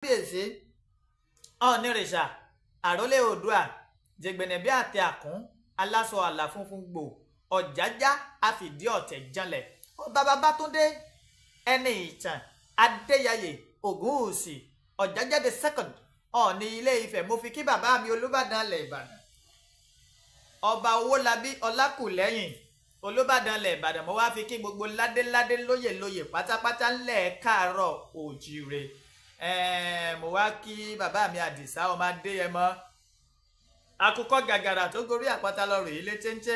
kábíyèsí ọ̀nìrìṣà àrólé oòdùà jẹgbẹ̀nẹ̀bí àti àkún aláṣọ àlà funfun gbò ọ̀jájá àfìdí ọ̀tẹ̀ janlẹ̀ ọba babátúndé ẹni ìtàn adéyàyè ògúnwùsì ọ̀jájá the second ọ̀ọ̀ni ilé ifẹ̀ mo fi kí bàbá mi olúbàdàn lẹ̀ ìbàdàn ọba owólabí ọlákùlẹ́yìn olúbàdàn lẹ̀ ìbàdàn mo wá fi kí gbogbo ládéládé lóyèlóyè pátápátá ńlẹ̀ káàárọ̀ òjíire mo wá kí bàbá mi àdìsá ọmọ adéyẹmọ àkùkọ gàgàrà tó gorí àpáta lọ rèé lé téńté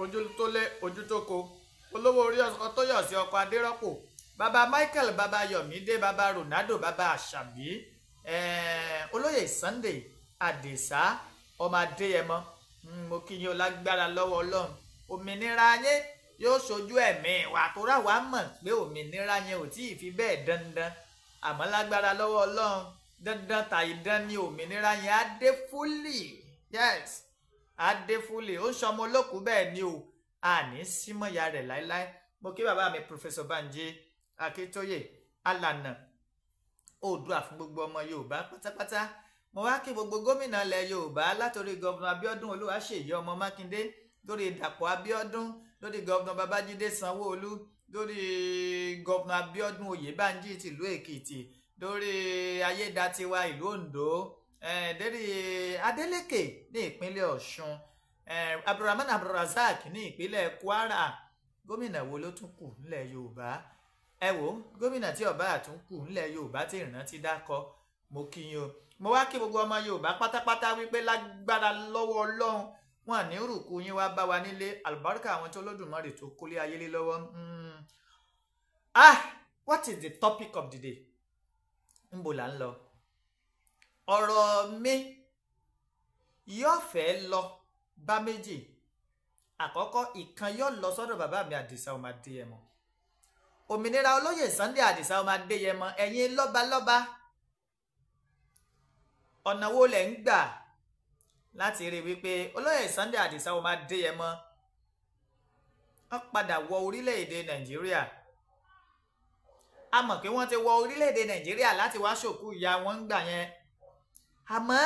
ojú tó lé ojú tó ko olówó orí ọkọ tó yọ sí ọkọ adérọpò bàbá michael baba yọmídé baba ronaldo baba àṣàbí olóyè sunday àdìsá ọmọ adéyẹmọ hmm, mo kí yín o lágbára lọ́wọ́ ọlọ́run òmìnira yín yóò ṣojú ẹ̀mí wa tó rà wá mọ̀ pé òmìnira yẹn ò tí ì fi bẹ́ẹ̀ dandan àmọ́ lágbára lọ́wọ́ ọlọ́run dandan tàyídán ni òmìnira yẹn á dé fúlì yes á dé fúlì ó ń sọmọ olókùú bẹ́ẹ̀ ni o àní símọ̀ya rẹ̀ láéláé mo kí bàbá mi Professor Banji Akíntóyè alànà oòdùà fún gbogbo ọmọ Yorùbá pátápátá mo wá kí gbogbo gómìnà ilẹ̀ Yorùbá látòrí gọ́vùnà Abíọ́dún Olúwaṣèyí ọmọ Mákindé lórí Dàpọ̀ Abíọ́dún lórí gọ́vùnà Babájídé Sanwó-Olú lórí gọ́vnà Abíọ́dún Oyèbánjí tìlú Èkìtì lórí Ayédatiwa ìlú Oǹdó lórí Adeleke ní ìpínlẹ̀ Ọ̀ṣun Abdulrahman Abdulrasaq ní ìpínlẹ̀ Kwara gómìnà wo ló tún kù nílẹ̀ Yorùbá ẹ wò gómìnà tí ọba àtúnkù nílẹ̀ Yorùbá tí ìrántí dákọ mo kí yín o mo wá kí gbogbo ọmọ Yorùbá pátápátá wípé lágbára lọ́wọ́ Ọlọ́run wọn àní rùkú yín wá bá wa nílé àlùbáríkà àwọn tí Olódùmarè tó kólé ayé lé lọ́wọ́ hmm. ah what is the topic of the day ń bò là ń lọ ọ̀rọ̀ mi yóò fẹ́ lọ bá méjì àkọ́kọ́ ìkan yóò lọ sọ́dọ̀ bàbá mi Àdìsá ọmọ Adéyẹmọ òmìnira olóyè Sunday Àdìsá ọmọ Adéyẹmọ ẹ̀yin lọ́balọ́ba ọ̀nà wo lẹ̀ ń gbà láti rí wípé olóyè Sunday Adisa ó máa dé yẹn mọ́ wọ́n padà wọ orílẹ̀-èdè Nàìjíríà a mọ̀ pé wọ́n ti wọ orílẹ̀-èdè Nàìjíríà láti wá ṣòkú ìyá wọn ń gbà yẹn àmọ́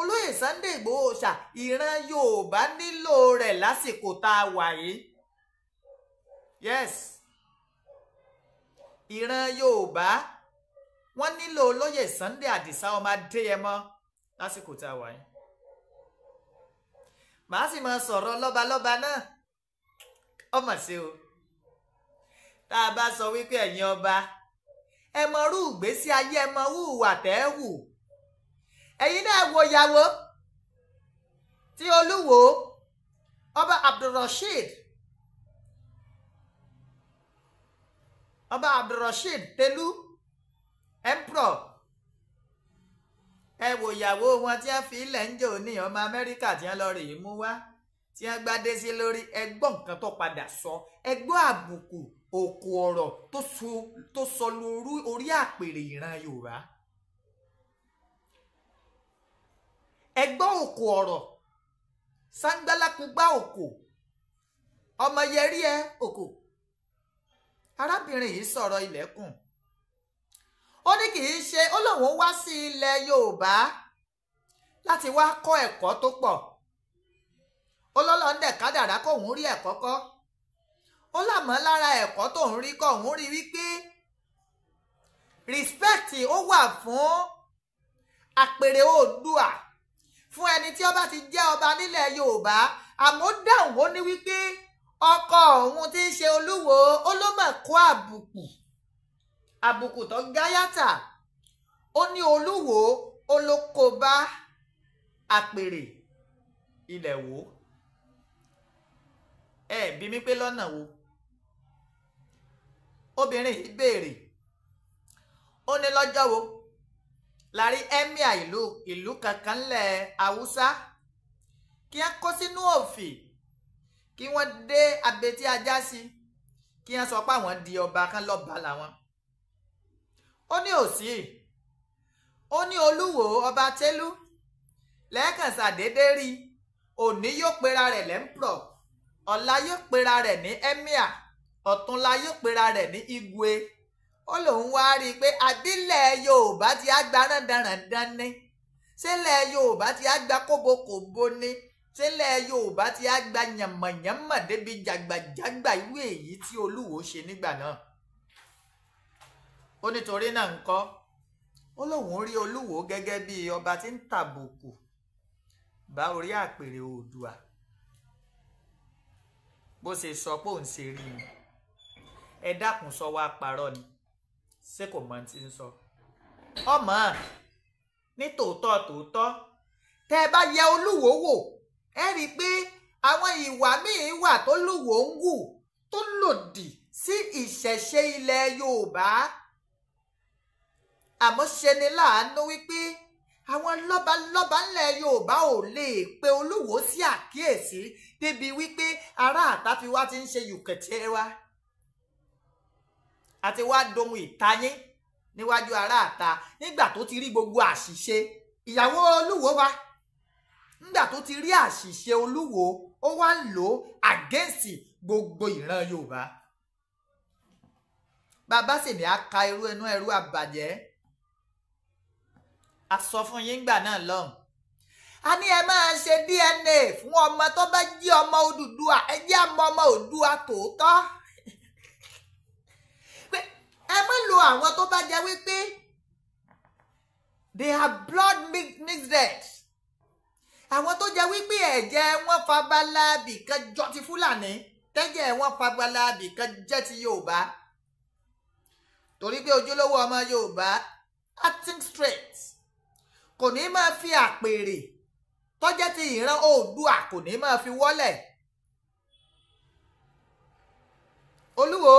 olóyè Sunday Ìgbòho Ọ̀ṣà ìran Yorùbá nílò rẹ̀ lásìkò tá a wà yìí yes ìran Yorùbá wọ́n nílò olóyè Sunday Àdìsá ọmọ Adéyẹmọ lásìkò tá a wà yìí màá sì máa sọ̀rọ̀ lọ́balọ́ba náà ọmọ sí o tá a bá sọ wípé ẹ̀yin ọba ẹ mọ rú ìgbésí ayé ẹ mọ rú ìwà tẹ́ ẹ wù ẹ̀yin náà wo ìyàwó tí olúwo ọba abdulrasheed ọba abdulrasheed telu emperor ẹ wò ìyàwó wọn tí wọ́n fi ilẹ̀ ń jò ní ọmọ amẹ́ríkà tí wọ́n lọ rèé mú wá tí wọ́n gbádé sí lórí ẹ gbọ́ nǹkan tó padà sọ ẹ gbọ́ àbùkù òkò ọ̀rọ̀ tó sọ lórí orí àpèrè ìran yorùbá ẹ gbọ́ òkò ọ̀rọ̀ sangbalakugbá òkò ọmọ yẹrí ẹ òkò arábìnrin yìí sọ̀rọ̀ ilẹ̀kùn ó ní kì í ṣe ó lòun wá sí ilẹ̀ Yorùbá láti wá kọ́ ẹ̀kọ́ tó pọ̀ ó lọ́lọ́ ń dẹ̀ka dàrá kóun rí ẹ̀kọ́ kọ́ ó làmọ́ lára ẹ̀kọ́ tóun rí kọ́ òun rí wípé respect ó wà fún àpèrè oòdùà fún ẹni tí ó bá ti jẹ́ ọba nílẹ̀ Yorùbá àmọ́ dáhùn ó ní wípé ọkọ òun ti ń ṣe olúwo ó ló mọ̀ kó àbùkù àbùkù tó gáyàtà ó ní olúwo olókóbá àpèrè ilẹ̀ wo ẹ bí mi pé lọ́nà wo obìnrin yìí béèrè ó ní lọ́jọ́ wo la rí ẹ́míà ìlú ìlú kankan lẹ̀ haúsá kí wọ́n kó sínú òfì kí wọ́n dé abetí ajá sí kí wọ́n sọ pé àwọn di ọba kan lọ́ba làwọn. La ó ní òsì ó ní olúwo ọba télú lẹ́ẹ̀kan ṣàdédé rí òní yóò pera rẹ̀ lẹ́ńpọ̀ ọ̀la yóò pera rẹ̀ ní emir ọ̀túnla yóò pera rẹ̀ ní igwe ó lòun wá rí i pé abílẹ̀ yorùbá ti á gba rándanràndan ní sílẹ̀ yorùbá ti á gba kóbokòbo ní sílẹ̀ yorùbá ti á gba yànmọ̀yànmọ̀ débi jàgbàjàgbà irú èyí tí olúwo ṣe nígbà náà ó nítorí náà ń kọ́ ó lóun rí olúwo gẹ́gẹ́ bí ọba tí ń tàbùkù bá orí àpèrè oòdùà bó ṣe sọ pé òun ṣe rí i ẹ dákun sọ wá parọ́ ni ṣé kò mọ ti ń sọ ọmọ ní tòótọ́ tòótọ́ tẹ́ ẹ bá yẹ olúwo wò ẹ rí i pé àwọn ìwà míì wà tó lúwo ń wù tó lòdì sí ìṣẹ̀ṣe ilẹ̀ Yorùbá àmọ́ ṣe ni láàánú wípé àwọn lọ́balọ́ba ńlẹ̀ Yorùbá ò lè pe Olúwo sí àkíyèsí débi wípé ará àtàfi wá ti ń ṣe yùkẹ̀tẹ̀ wa àti wá dohun ìtayín níwájú ará àta nígbà tó ti rí gbogbo àṣìṣe ìyàwó Olúwo wa nígbà tó ti rí àṣìṣe Olúwo ó wá ń lò ó àgẹ́sì gbogbo ìran Yorùbá bàbá sèmi á ka irú ẹnu ẹrú àbàjẹ́ a sọ fún yín gbà náà lọ́hùn. a ní ẹ máa ṣe DNA fún ọmọ tó bá jí ọmọ Odùduwà ẹ jẹ́ àmọ́ ọmọ Odùduwà tòótọ́. pé ẹ má lo àwọn tó bá jẹ́ wípé they have blood mixed àwọn tó jẹ́ wípé ẹ̀jẹ̀ wọn fabaláàbì kan jọ ti Fúlàní tẹ́jẹ̀ wọn fabaláàbì kan jẹ́ ti Yorùbá torí pé ojúlówó ọmọ Yorùbá acting straight kò ní máa fi àpèrè tọ́jẹ́ ti ìran oòdùà kò ní máa fi wọ́lẹ̀ olúwo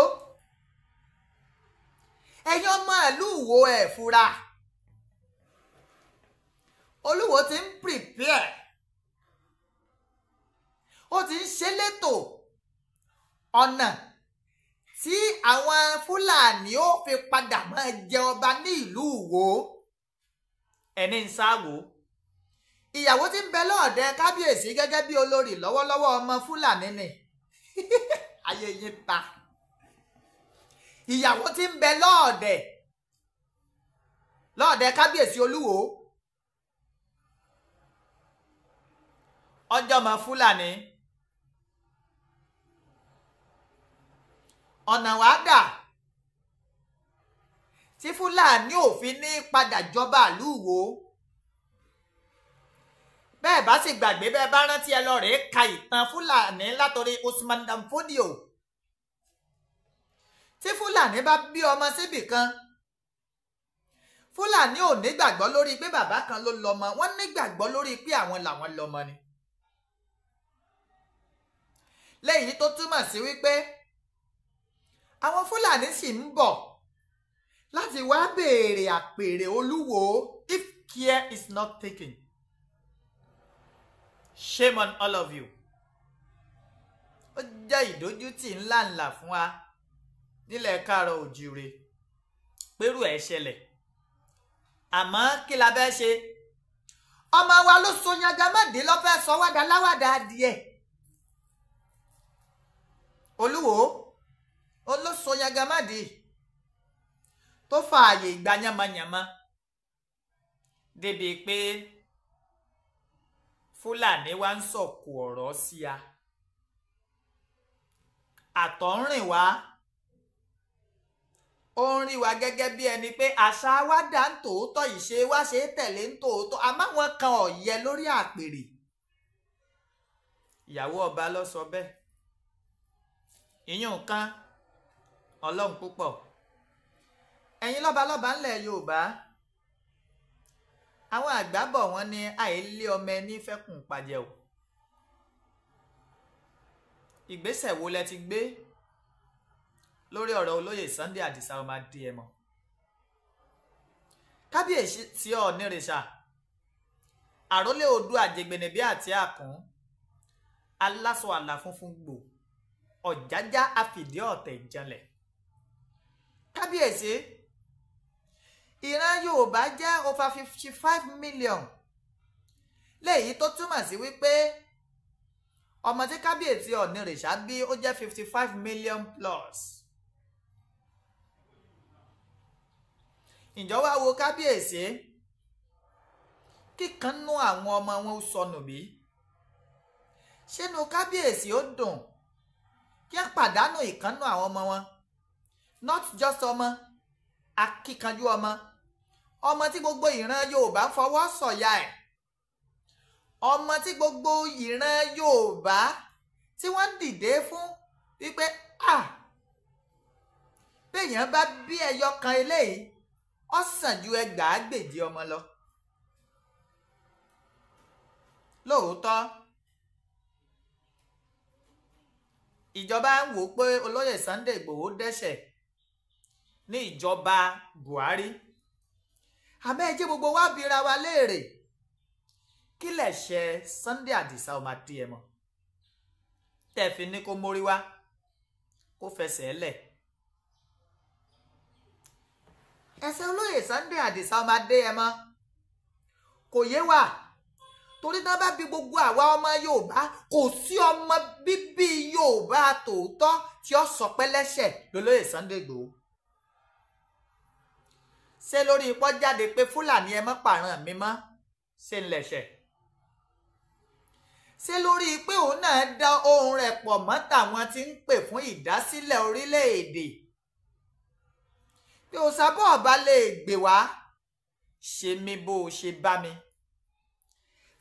ẹ̀yin ọmọ ìlú wo ẹ̀ fura olúwo ti ń prepare ó ti ń ṣe létò ọ̀nà tí àwọn fúlàní ó fi padà máa jẹ ọba ní ìlú wo. ẹni ń sáwò ìyàwó tí ń bẹ lọ́ọ̀dẹ kábíyèsí gẹ́gẹ́ bí olórí lọ́wọ́lọ́wọ́ ọmọ fúlàní ni ayé yín ta ìyàwó tí ń bẹ lọ́ọ̀dẹ lọ́ọ̀dẹ kábíyèsí olúwo ọjọ́mọ fúlàní ọ̀nà wàá dà. tí fúlàní òfin ní padà jọba ìlú Ìwó bẹ́ẹ̀ bá sì gbàgbé bẹ́ẹ̀ bá rántí ẹ lọ rèé ka ìtàn fúlàní látọrí Usman Dan Fodio tí fúlàní bá bí ọmọ síbì kan fúlàní ò nígbàgbọ́ lórí pé bàbá kan ló lọ́mọ wọ́n nígbàgbọ́ lórí pé àwọn làwọn lọ́mọ ni lẹ́yìn tó túmọ̀ sí wípé àwọn fúlàní sì ń bọ̀ láti wá béèrè àpèrè olúwo if care is not taken shame on all of you ó jẹ́ ìdójútì ńláńlá fún wa nílẹ̀ káàárọ̀ òjìire pẹ̀rù ẹ̀ ṣẹlẹ̀ àmọ́ kí la fẹ́ ṣe ọmọ wa ló so yangamọ́dé ló fẹ́ sọ wádà láwádà adìẹ olúwo ó ló so yangamọ́dé tó fààyè gba yánmọ́yánmọ́ débi pé fúlàní wa ń sọ̀kò ọ̀rọ̀ sí a àtọ̀ ń rìn wá ó ń rí wa gẹ́gẹ́ bí ẹni pé àṣà wa dà ń tòótọ́ ìṣe wa ṣe é tẹ̀lé ń tòótọ́ àmọ́ wọn kan ọ̀yẹ lórí àpèrè ìyàwó ọba ló sọ bẹ́ẹ̀ ìyún kan ọlọ́run púpọ̀ ẹ̀yin lọ́balọ́ba ńlẹ̀ Yorùbá àwọn àgbà bọ̀ wọ́n ní àìlé ọmọ ẹni fẹ́kùn pàjẹ́ o ìgbésẹ̀ wo lẹ ti gbé lórí ọ̀rọ̀ olóyè Sunday Adisa ọmọ adé ẹ mọ́ kábíyèsí tí ọ nírìṣà àrólé odò àjẹgbẹnẹbí àti àkùn aláṣọ àlà funfun gbò ọ̀jájá àfìdí ọ̀tẹ̀ ìjànlẹ̀ kábíyèsí ìran Yorùbá jẹ́ over fifty five million léyìí tó túmọ̀ sí wípé ọmọ tí kábíyèsí ọ̀nìrìṣà bí ó jẹ́ fifty five million plus. ǹjọ́ wá wo kábíyèsí kíkanú àwọn ọmọ wọn sọnù bí ṣínú kábíyèsí ó dùn kí á pàdánù ìkanú àwọn ọmọ wọn not just ọmọ akíkanjú ọmọ ọmọ tí gbogbo ìran Yorùbá fọwọ́ sọ̀yà ẹ̀ ọmọ tí gbogbo ìran Yorùbá tí wọ́n dìde fún wípé à béèyàn bá bí ẹyọ kan eléyìí ó sàn ju ẹgbàágbèje ọmọ lọ lóòótọ́ ìjọba ń wò ó pé olóyè Sunday Ìgbòho dẹ́ṣẹ̀ ní ìjọba Buhari àmọ́ ẹ jẹ́ gbogbo wa bira wa léèrè kí lẹ̀ṣẹ̀ Sunday Àdìsá ọmọ adé ẹ mọ́ tẹ́ fi ní kó mórí wá kó fẹsẹ̀ lẹ̀ ẹsẹ̀ olóyè Sunday Àdìsá ọmọ adé ẹ mọ́ kò yé wa torí náà bá bí gbogbo àwa ọmọ Yorùbá kò sí ọmọ bíbí Yorùbá tòótọ́ tí ó sọ pé lẹ́ṣẹ̀ lólóyè Sunday Igboho ṣé lórí ipò jáde pé fúlàní ẹ mọ́ pààràn mi mọ́ ṣe ń lẹ̀ṣẹ̀ ṣé lórí pé òun náà dá ohun rẹ̀ pọ̀ mọ́ tàwọn tí ń pè fún ìdásílẹ̀ orílẹ̀-èdè pé o sábọ̀ ọba lè gbè wá ṣe mi bó o ṣe mi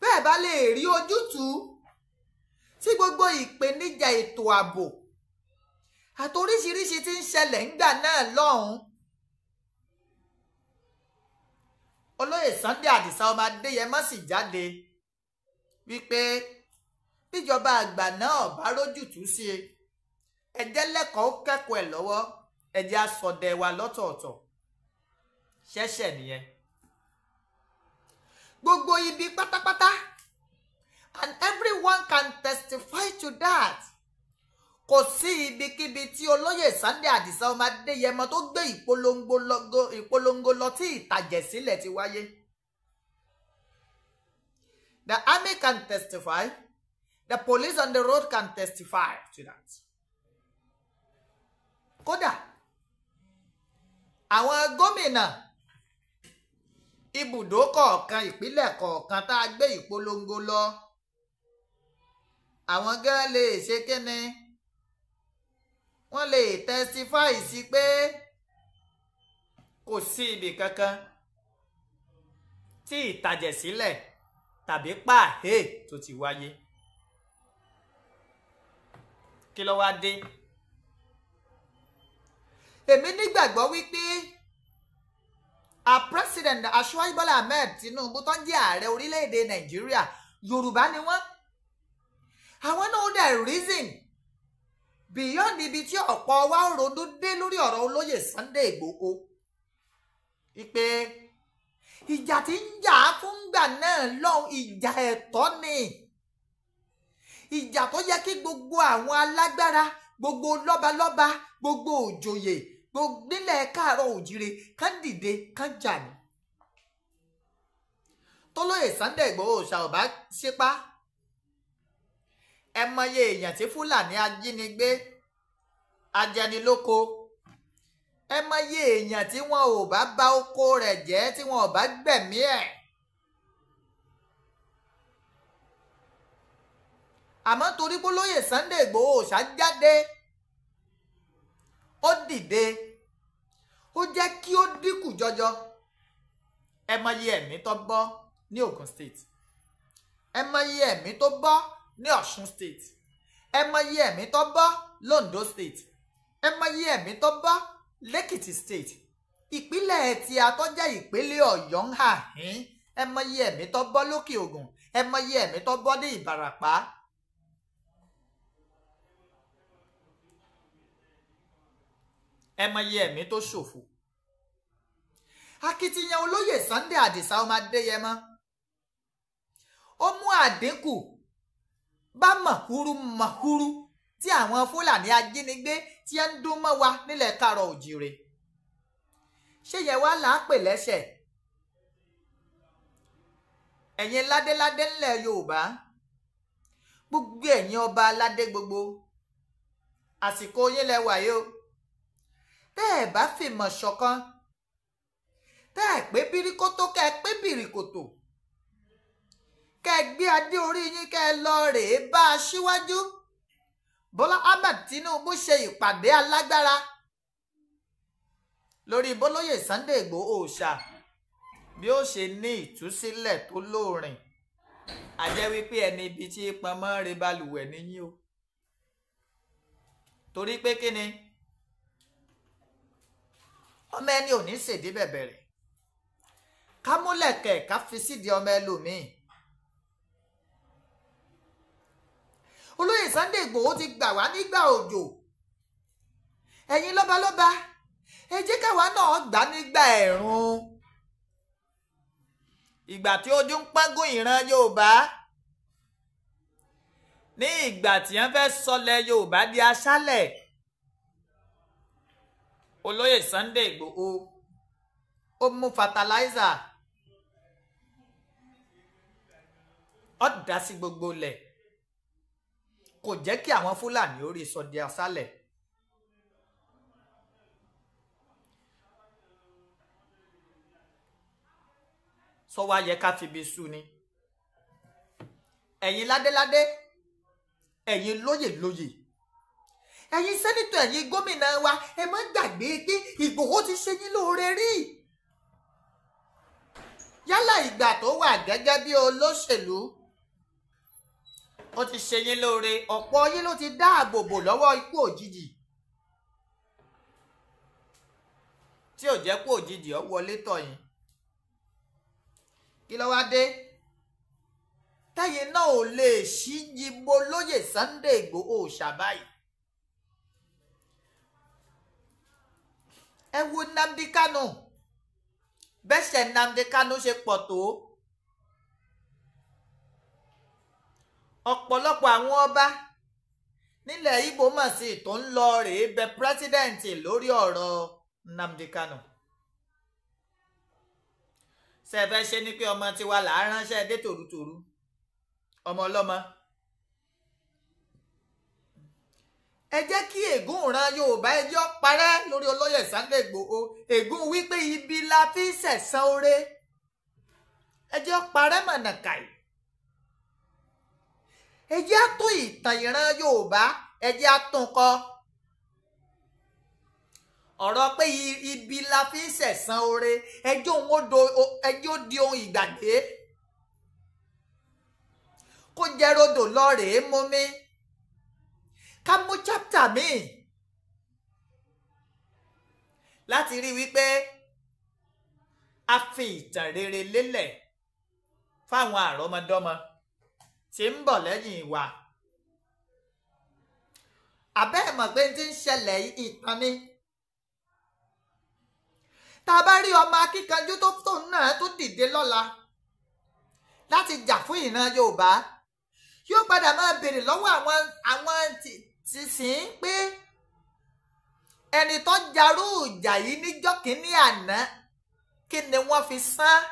bẹ́ẹ̀ bá lè rí ojútùú tí gbogbo ìpèníjà ètò ààbò àti oríṣiríṣi tí ń ṣẹlẹ̀ ńgbà náà olóyè Sunday Àdìsá ọmọ Adéyẹmọ sì jáde wípé bíjọba àgbà náà bá rójútùú sí i ẹjẹ́ lẹ́kọ̀ọ́ kẹ́kọ̀ọ́ ẹ̀ lọ́wọ́ ẹjẹ́ asọ̀dẹ̀ wa lọ́tọ̀ọ̀tọ̀ ṣẹ̀ṣẹ̀ nìyẹn gbogbo ibi pátápátá and everyone can testify to that kò sí ibikíbi tí olóyè Sunday Àdìsá ọmọ tó gbé ìpolongo lọ tí ìtàjẹ̀sílẹ̀ ti wáyé. The army can testify. The police on the road can testify to that. Kódà àwọn gómìnà ibùdó kọ̀ọ̀kan ìpínlẹ̀ kọ̀ọ̀kan tá a gbé ìpolongo lọ àwọn gẹ́gẹ́ lè ṣe kíni wọ́n lè testify, sí pé kò sí ibì kankan tí ìtàjẹ̀sílẹ̀ tàbí pàhé tó ti wáyé kí ló wá dé èmi nígbàgbọ́ wípé a president Aṣíwájú Bọ́lá Ahmed Tinubu tó ń jẹ́ ààrẹ orílẹ̀-èdè Nàìjíríà Yorùbá ni wọ́n àwọn náà dẹ̀ reason beyond ibi tí ọ̀pọ̀ wa ń ronú dé lórí ọ̀rọ̀ olóyè Sunday Igboho wípé ìjà tí ń jà fúngbà náà lọ́hùn ìjà ẹ̀tọ́ ni ìjà tó yẹ kí gbogbo àwọn alágbára gbogbo lọ́balọ́ba gbogbo òjòyè gbogbo nílẹ̀ káàárọ̀ òjìrè kán dìde kán jà ní tọ́lọ́yè Sunday Igboho ṣàwọ̀bá ṣépá ẹ mọye èèyàn tí fúlàní ajínigbé ajẹnilóko ẹ mọye èèyàn tí wọn ò bá bá oko rẹ̀ jẹ́ tí wọn ò bá gbẹ̀mí ẹ̀ àmọ́ torí pé lóye Sunday Igboho ṣá jáde ó dìde ó jẹ́ kí ó dínkù jọjọ ẹ mọye ẹ̀mí tó bọ́ ní Ogun State ẹ mọye ẹ̀mí tó bọ́ ní Ọ̀ṣun state ẹ mọyì ẹ̀mí tó bọ́ londo state ẹ mọyì ẹ̀mí tó bọ́ lẹ́kìtì state ìpínlẹ̀ ẹ̀tì àtọ́jẹ́ ìpínlẹ̀ ọ̀yọ́ ń hà hín ẹ mọyì ẹ̀mí tó bọ́ lókè ògùn ẹ mọyì ẹ̀mí tó bọ́ ní ìbàràpá ẹ mọyì ẹ̀mí tó ṣòfò akitiyan olóyè Sunday Adisa ọmọ Adéyẹmọ ó mú àdínkù bá màhúrú màhúrú tí àwọn fúlàní ajínigbé tí ń dún mọ́ wa nílẹ̀ kárọ̀ òjìrè ṣé yẹ wá là á pè lẹ́sẹ̀ ẹ̀yin ládéládé ńlẹ̀ yorùbá gbogbo ẹ̀yin ọba aládé gbogbo àsìkò yín lẹ yìí o tẹ́ ẹ̀ bá fìmọ̀ ṣọ̀kan tẹ́ ẹ̀ pé bíríkótó kẹ́ ẹ pé bìrìkòtò kẹ́ ẹ gbé adé orí yín kẹ́ ẹ lọ rèé bá a síwájú Bọ́lá Ahmed Tinubu ṣe ìpàdé alágbára lórí bólóyè Sunday Ìgbòho òòṣà bí ó ṣe ní ìtúsílẹ̀ tó lóòrìn a wípé ẹni ibi tí pọnmọ́ rẹ balùwẹ̀ o torí pé kí ni ọmọ ẹni ò ní ṣèdí bẹ̀bẹ̀rẹ̀ ká múlẹ̀kẹ̀ ká fi sídìí ọmọ ẹlòmíì olóyè Sunday Ìgbòho ti gbà wá nígbà òjò ẹ̀yin lọ́balọ́ba ẹ jẹ́ káwa náà gbà nígbà ẹ̀rùn ìgbà tí ojú ń pọ́ngún ìran Yorùbá ní ìgbà tí wọ́n fẹ́ sọlẹ̀ Yorùbá di aṣálẹ̀ olóyè Sunday Ìgbòho ó mú fatalizer ó dá sí gbogbo lẹ̀ kò jẹ́ kí àwọn Fúlàní orí sọdẹ aṣálẹ̀ sọ́wọ́ yẹ ká fi bí sú ni ẹ̀yin ládéládé ẹ̀yin lóyèlóyè ẹ̀yin sẹ́nitọ̀ ẹ̀yin gómìnà wa ẹ má gbàgbé pé Ìgbòho ti ṣe yín lóore rí yálà ìgbà tó wà gẹ́gẹ́ bí olóṣèlú ó ti ṣe yín lóore ọ̀pọ̀ yín ló ti dáàbò bò lọ́wọ́ ikú òjijì tí ò jẹ́ kó òjijì ó wọlé tọ̀ yín kí ló wá dé tẹ́yìn náà ò lè ṣí yibo lóyè Sunday Igboho ṣàbáyì ẹ wo Nnamdi Kanu bẹ́sẹ̀ Nnamdi Kanu ṣe pọ̀ tó. ọ̀pọ̀lọpọ̀ àwọn ọba nílẹ̀ Ìgbò mà sí tó ń lọ rèé bẹ pírẹ́sídẹ̀ǹtì lórí ọ̀rọ̀ Nnamdi Kanu ṣe fẹ́ ṣe ni pé ọmọ tiwa là á ránṣẹ́ dé tòrutòru ọmọ ọlọ́mọ ẹ jẹ́ kí ègún ìran Yorùbá ẹjọ́ parẹ́ lórí olóyè Sunday Igboho ègún wípé ibi la fi ṣẹ̀san oore ẹjọ́ parẹ́ mọ̀nàkàì ẹ jẹ́ á tún ìtàn ìran Yorùbá ẹ jẹ́ á tún kọ ọ̀rọ̀ pé ibi la fi ń ṣẹ̀san oore ẹjọ́ òun ẹjọ́ di ohun ìgbàgbé kó jẹ́ rodò lọ́rẹ̀ẹ́ mọ́mí ká mú chápítà míì láti rí wípé a fi ìtàn rere lélẹ̀ fáwọn àrọ́mọdọ́mọ tí ń bọ̀ lẹ́yìn wa àbẹ́ ẹ̀ mọ̀ pé ti ń ṣẹlẹ̀ ìtàn ni tá a bá rí ọmọ akíkanjú tó tóun náà tó dìde lọ́la láti jà fún ìran Yorùbá yóò padà máa béèrè lọ́wọ́ àwọn àwọn tìsín pé ẹni tó jarú ìjà yìí níjọ́ kínní àná kí ni wọ́n fi san án.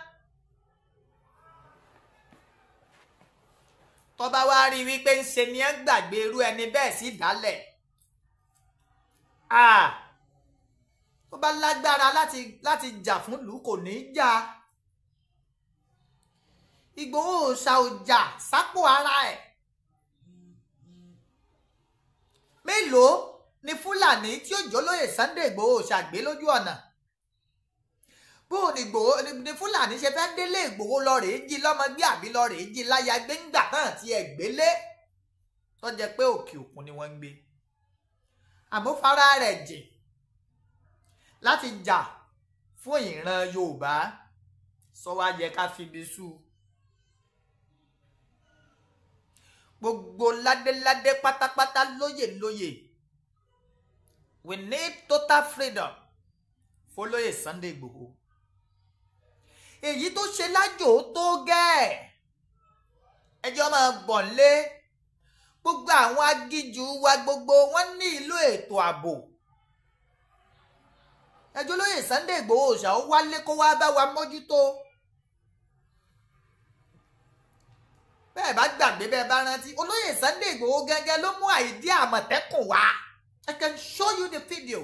tó bá wá rí wípé ń ṣe ni ẹ ń gbàgbé irú ẹni bẹ́ẹ̀ sí dálẹ̀ tó bá lágbára láti láti jà fún ìlú kò ní í jà Ìgbòho òòṣà ọjà sápò ara ẹ̀ mélòó ni Fúlàní tí ó jólóyè Sunday Ìgbòho òòṣà lójú ọ̀nà bó ni gbòó ni fúlàní ṣe fẹ́ délé ìgbòho lọ rèé jí lọ́mọ gbé àbí lọ rèé jí láyà gbé ńgbà náà ti ẹ̀ gbélé tó jẹ́ pé òkè òkun ni wọ́n ń gbé àmúfárá rẹ̀ jìn láti jà fún ìran yorùbá sọ wá yẹ ká fibi sú gbogbo ládéládé pátápátá lóyè lóyè we need total freedom fólóyè Sunday Igboho èyí tó ṣe lájò tó gẹ́ẹ̀ ẹjọ́ máa bọ̀ lé gbogbo àwọn agíjú wa gbogbo wọn ní ìlú ètò ààbò ẹjọ́ lóye Sunday Ìgbòho ṣá ó wálé kó wá bá wa mójútó bẹ́ẹ̀ bá gbàgbé bẹ́ẹ̀ bá rántí olóyè Sunday Ìgbòho gẹ́gẹ́ ló mú àìdí Àmọ̀tẹ́kùn wá I can show you the video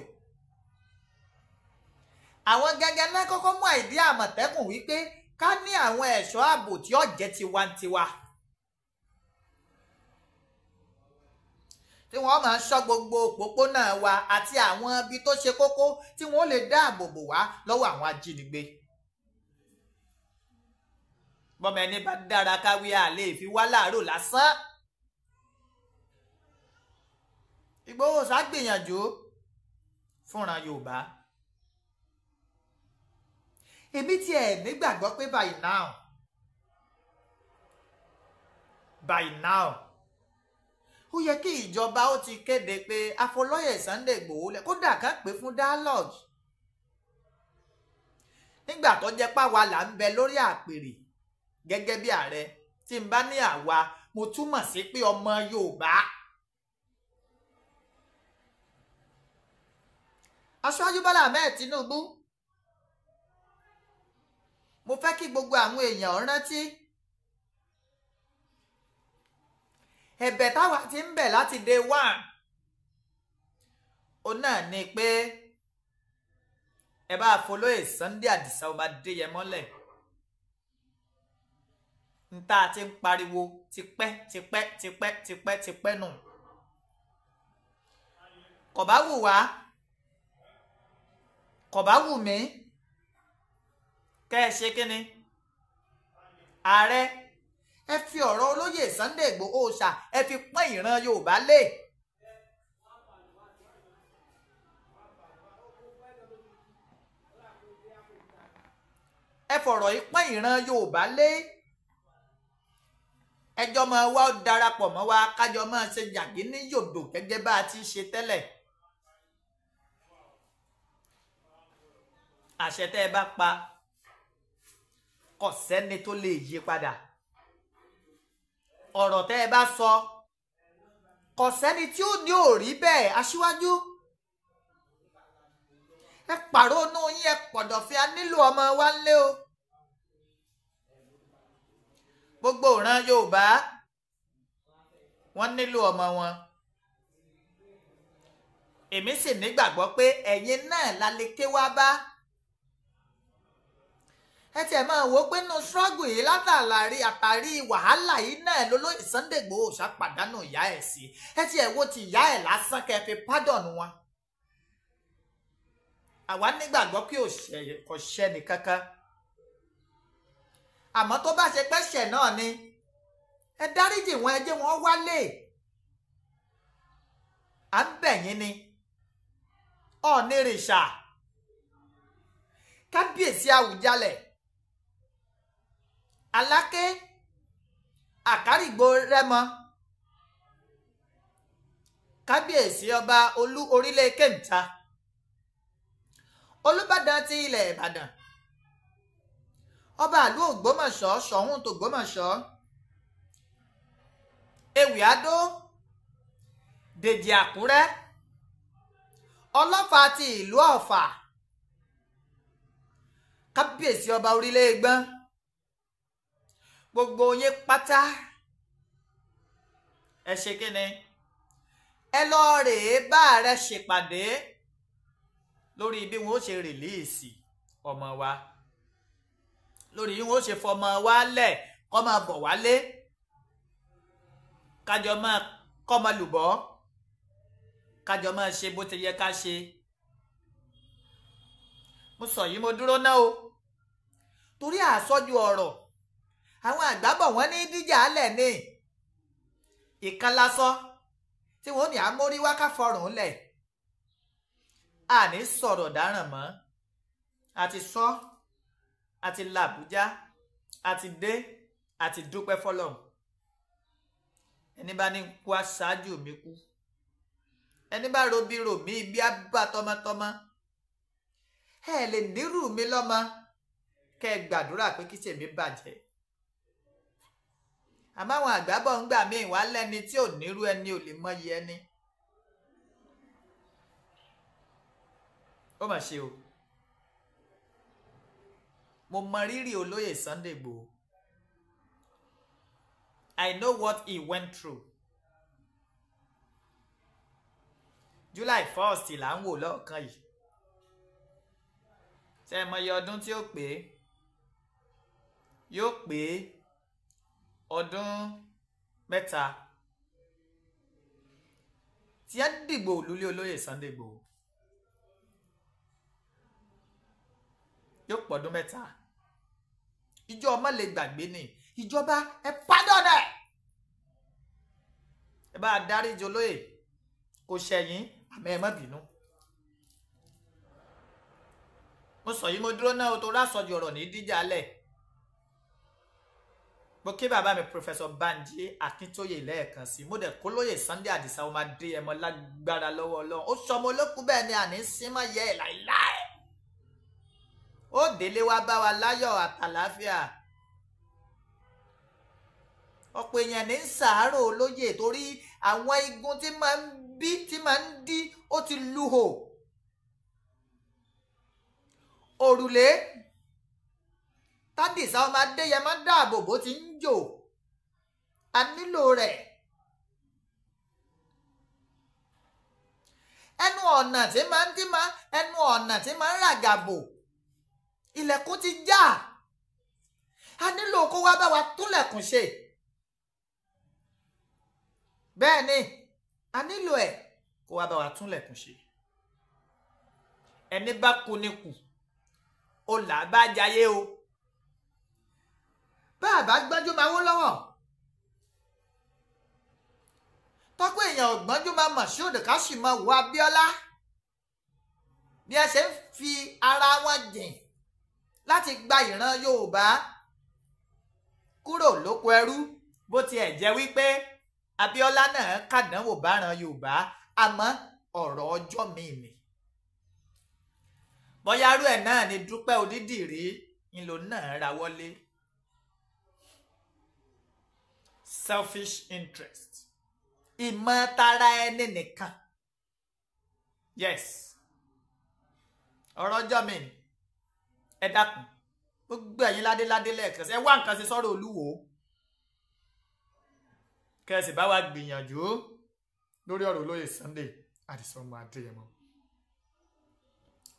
àwọn gẹ́gẹ́ náà kọ́kọ́ mú àìdí àmọ̀tẹ́kùn wípé ká ní àwọn ẹ̀ṣọ́ ààbò tí ó jẹ́ tiwantiwa tí wọ́n máa ṣọ́ gbogbo òpópónà wa àti àwọn ibi tó ṣe kókó tí wọ́n lè dáàbò bò wá lọ́wọ́ àwọn ajínigbé bọ́mọ ẹni bá dára káwé àlè fi wá láàárọ̀ lásán Ìgbòho ṣàgbìyànjú fúnra Yorùbá èmi ti ẹ̀ nígbàgbọ́ pé by now by now ó yẹ kí ìjọba ó ti kéde pé àfọlọ́yẹ̀ Sunday Igboho lẹ kódà kàn pé fún dialogue nígbà tó jẹ́ páwa là ń bẹ lórí àpèrè gẹ́gẹ́ bí ààrẹ tí n bá ní àwa mo túmọ̀ sí pé ọmọ Yorùbá. aṣáájú Bọ́lá Ahmed Tinubu mo fẹ́ kí gbogbo àwọn èèyàn rántí ẹ̀bẹ̀ táwa ti ń bẹ̀ láti day one ó náà ni pé ẹ bá folóyè Sunday Àdìsá ọba Adéyẹmọ́lẹ̀ n tá a ti ń pariwo tipẹ́ tipẹ́ tipẹ́ tipẹ́ tipẹ́ nù kọ̀bá wù wá kọ̀bá wù mí kẹ́ ẹ ṣe kínni ààrẹ ẹ fi ọ̀rọ̀ olóyè Sunday Igboho ṣá ẹ fi pọ́n ìran Yorùbá lé. ẹ fọ̀rọ̀ ìpọ́n ìran Yorùbá lé ẹjọ́ máa wá darapọ̀ mọ́ wa kájọ máa ṣe yàgí ní yòdò gẹ́gẹ́ bá a ti ṣe tẹ́lẹ̀. àṣẹ tẹ́ ẹ bá pa kò sẹ́ni tó lè yí padà ọ̀rọ̀ tẹ́ ẹ bá sọ kò sẹ́ni tí ó ní òrí bẹ́ẹ̀ aṣíwájú ẹ pàrónú yín ẹ pọ̀dọ̀fẹ́ a nílò ọmọ wa ńlé o gbogbo ìran Yorùbá wọ́n nílò ọmọ wọn èmi sì nígbàgbọ́ pé ẹ̀yin náà la lè ké bá. ẹ tiẹ̀ máa wò pé nínú ṣọ́ọ̀gù àtàrí wàhálà yìí náà lólóyè Sunday ṣàpàdánù ìyá ẹ̀ sí ẹ tiẹ̀ wo ti ìyá ẹ̀ lásán kẹ́ fi pádọ̀n wọn. àwa nígbàgbọ́ kí kò ṣẹ nìkankan àmọ́ tó ni ẹ wọn wọn wálé à ń bẹ̀ yín ni aláké àkárìgbò rẹ́mọ kábíyèsí ọba olú orílẹ̀ kẹta olùbàdàn ti ilẹ̀ ìbàdàn ọba àlú ògbómọ̀ṣọ́ ṣọ̀ún tògbómọ̀ṣọ́ ewì adó dèjì àkúrẹ́ ọlọ́fà ti ìlú ọ̀fà kábíyèsí ọba orílẹ̀ ègbọ́n gbogbo yín pátá ẹ ṣe kí ni ẹ lọ rèé bá rẹ ṣèpàdé lórí bí wọn ó ṣe rìlíìsì ọmọ wa lórí bí wọn ó ṣe fọmọ wa lẹ kọ máa bọ̀ wálé kájọ máa kọ máa lùbọ kájọ máa ṣe bó ti yẹ ká ṣe mo sọ yìí mo dúró náà o torí àsọjú ọ̀rọ̀ àwọn àgbàbọ̀ wọ́n ní díjà alẹ̀ ni ìkan lásọ tí wọ́n ní amóríwá ká fọrùn lẹ̀ àní sọ̀rọ̀ dáràn mọ́ àti sọ àti la Àbújá àti dé àti dúpẹ́ fọlọ́run ẹni bá ní kú aṣáájú mi kú ẹni bá robi rò mí ibi bá tọmọtọmọ ẹ lè nírú mi lọ́mọ kẹ́ gbàdúrà pé kí tèmi bàjẹ́ àmọ́ àwọn àgbábọ̀ ń gbà míì wá lẹ́ni tí ò nírú ẹni ò lè mọyì ẹni. ó mà ṣe o mo mọ rírì olóyè Sunday Igboho I know what he went through July 1st là ń wò lọ́ọ̀kan yìí ṣe é mọyì ọdún tí ó pé yóò pé ọdún mẹ́ta tí a dìgbò lulẹ̀ olóyè Sunday Igboho yóò pọ̀dún mẹ́ta ìjọ ọmọ lè gbàgbé ni ìjọba ẹ pádọ́nà ẹ bá dáríjì olóyè kò ṣẹ̀yìn àmọ́ ẹ má bínú mo sọ yìí mo dúró náà o tó rásọjù ọ̀rọ̀ ní díjà lẹ̀ mo kí bàbá mi professor Banji Akíntóyè lẹ́ẹ̀kan sí mo dẹ̀ kólóyè Sunday Àdìsá ó máa dé ẹmọ lágbára lọ́wọ́ Ọlọ́run ó sọmọ olókùn bẹ́ẹ̀ ni àní símọ yẹ ẹ láìláì ó délé wá bá wa láyọ̀ àtàláfíà ọ̀pọ̀ èèyàn ní sàárò olóyè torí àwọn igun tí máa ń bí tí máa ń dí ó ti lúhò òrùlé tádìsá ọmọ adéyẹmọ dáàbò bó ti ń jò a nílò ẹnu ọ̀nà tí máa ń ẹnu ọ̀nà tí máa ń ràgàbò ilẹ̀kùn ti já a nílò kó wá bá wa a nílò ẹ̀ kó wá bá wa ṣe ẹni o. bá a bá gbọ́njú máa wó lọ́wọ́ tọ́pọ̀ èèyàn ọ̀gbọ́njú máa mọ̀ sí òdìká sì máa wo Abíọ́lá bí ẹ ṣe ń fi ara wọn jìn láti gba ìran Yorùbá kúrò lóko ẹrú bó tiẹ̀ jẹ́ wípé Abíọ́lá náà kàdánwò báran Yorùbá àmọ́ ọ̀rọ̀ ọjọ́ mi ni bóyá arú ẹ̀ náà ni Dúpẹ́ Odídìrí ńlò náà ra selfish interest. ìmọ̀ tara ẹni nìkan. yes ọ̀rọ̀ ọjọ́ mi ẹ dákun gbogbo ẹ̀yin ládéládé lẹ́ẹ̀kan ẹ wá nǹkan ṣe sọ́rọ̀ olúwo kẹsì bá wa gbìyànjú lórí ọ̀rọ̀ olóyè Sunday Àdìsán ọmọ Adéyẹmọ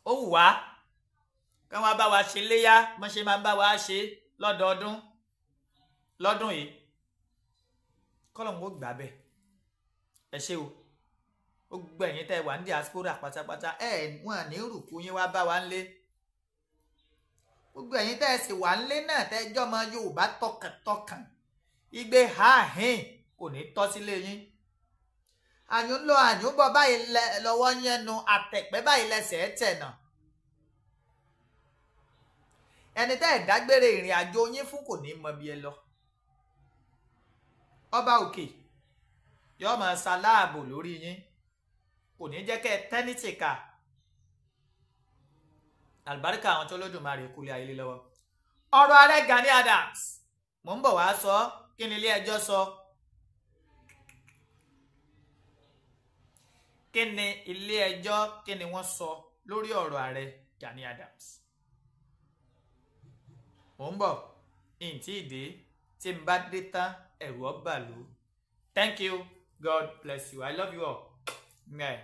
ó wù wá kí wọ́n bá wa ṣe léyà wọ́n ṣe máa ń bá wa ṣe lọ́dọọdún lọ́dún yìí kọ́lọ́hún ó gbà bẹ́ẹ̀ ẹ ṣé o ó gbọ́ ẹ̀yin tẹ́ wà ní diaspora pátápátá ẹ̀ wọ́n ní rùkú yín wá bá wa ń lé gbogbo ẹ̀yin tẹ́ ẹ sì wà ń lé náà tẹ́ ẹjọ́ ọmọ Yorùbá tọkàntọkàn igbe hàhín kò ní tọ́ sílé yín àyùn lọ àyùn bọ̀ báyìí lọ́wọ́ yẹn nu àtẹ̀pẹ́ báyìí lẹ́sẹ̀ ẹ̀ tẹ̀nà ẹni tẹ́ ẹ̀ dágbére ìrìn àjò yín fún kò ní mọ bí ẹ lọ ọba òkè yóò máa ṣaláàbò lórí yín kò ní jẹ́ kẹ́ ẹ tẹ́nítìkà àlùbáríkà àwọn tó lódùmarè kulẹ̀ ayélé lọ́wọ́ ọ̀rọ̀ ààrẹ Gani Adams mò ń bọ̀ wá sọ kí ni ilé ẹjọ́ sọ kí ni ilé ẹjọ́ kí ni wọ́n sọ lórí ọ̀rọ̀ ààrẹ Gani Adams mò ń bọ̀ ǹtí ìdí tí n bá dé tán ẹ̀rù ọba ló thank you god bless you i love you all ẹ̀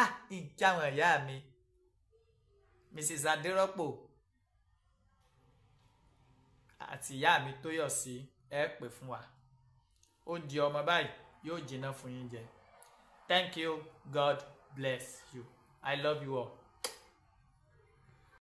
ah ìjáwọn ìyá mi mrs adérọ́pò àti ìyá mi tó yọ̀ sí ẹ pè fún wa ó di ọmọ báyìí yóò jìnnà fún yín jẹ thank you god bless you i love you all.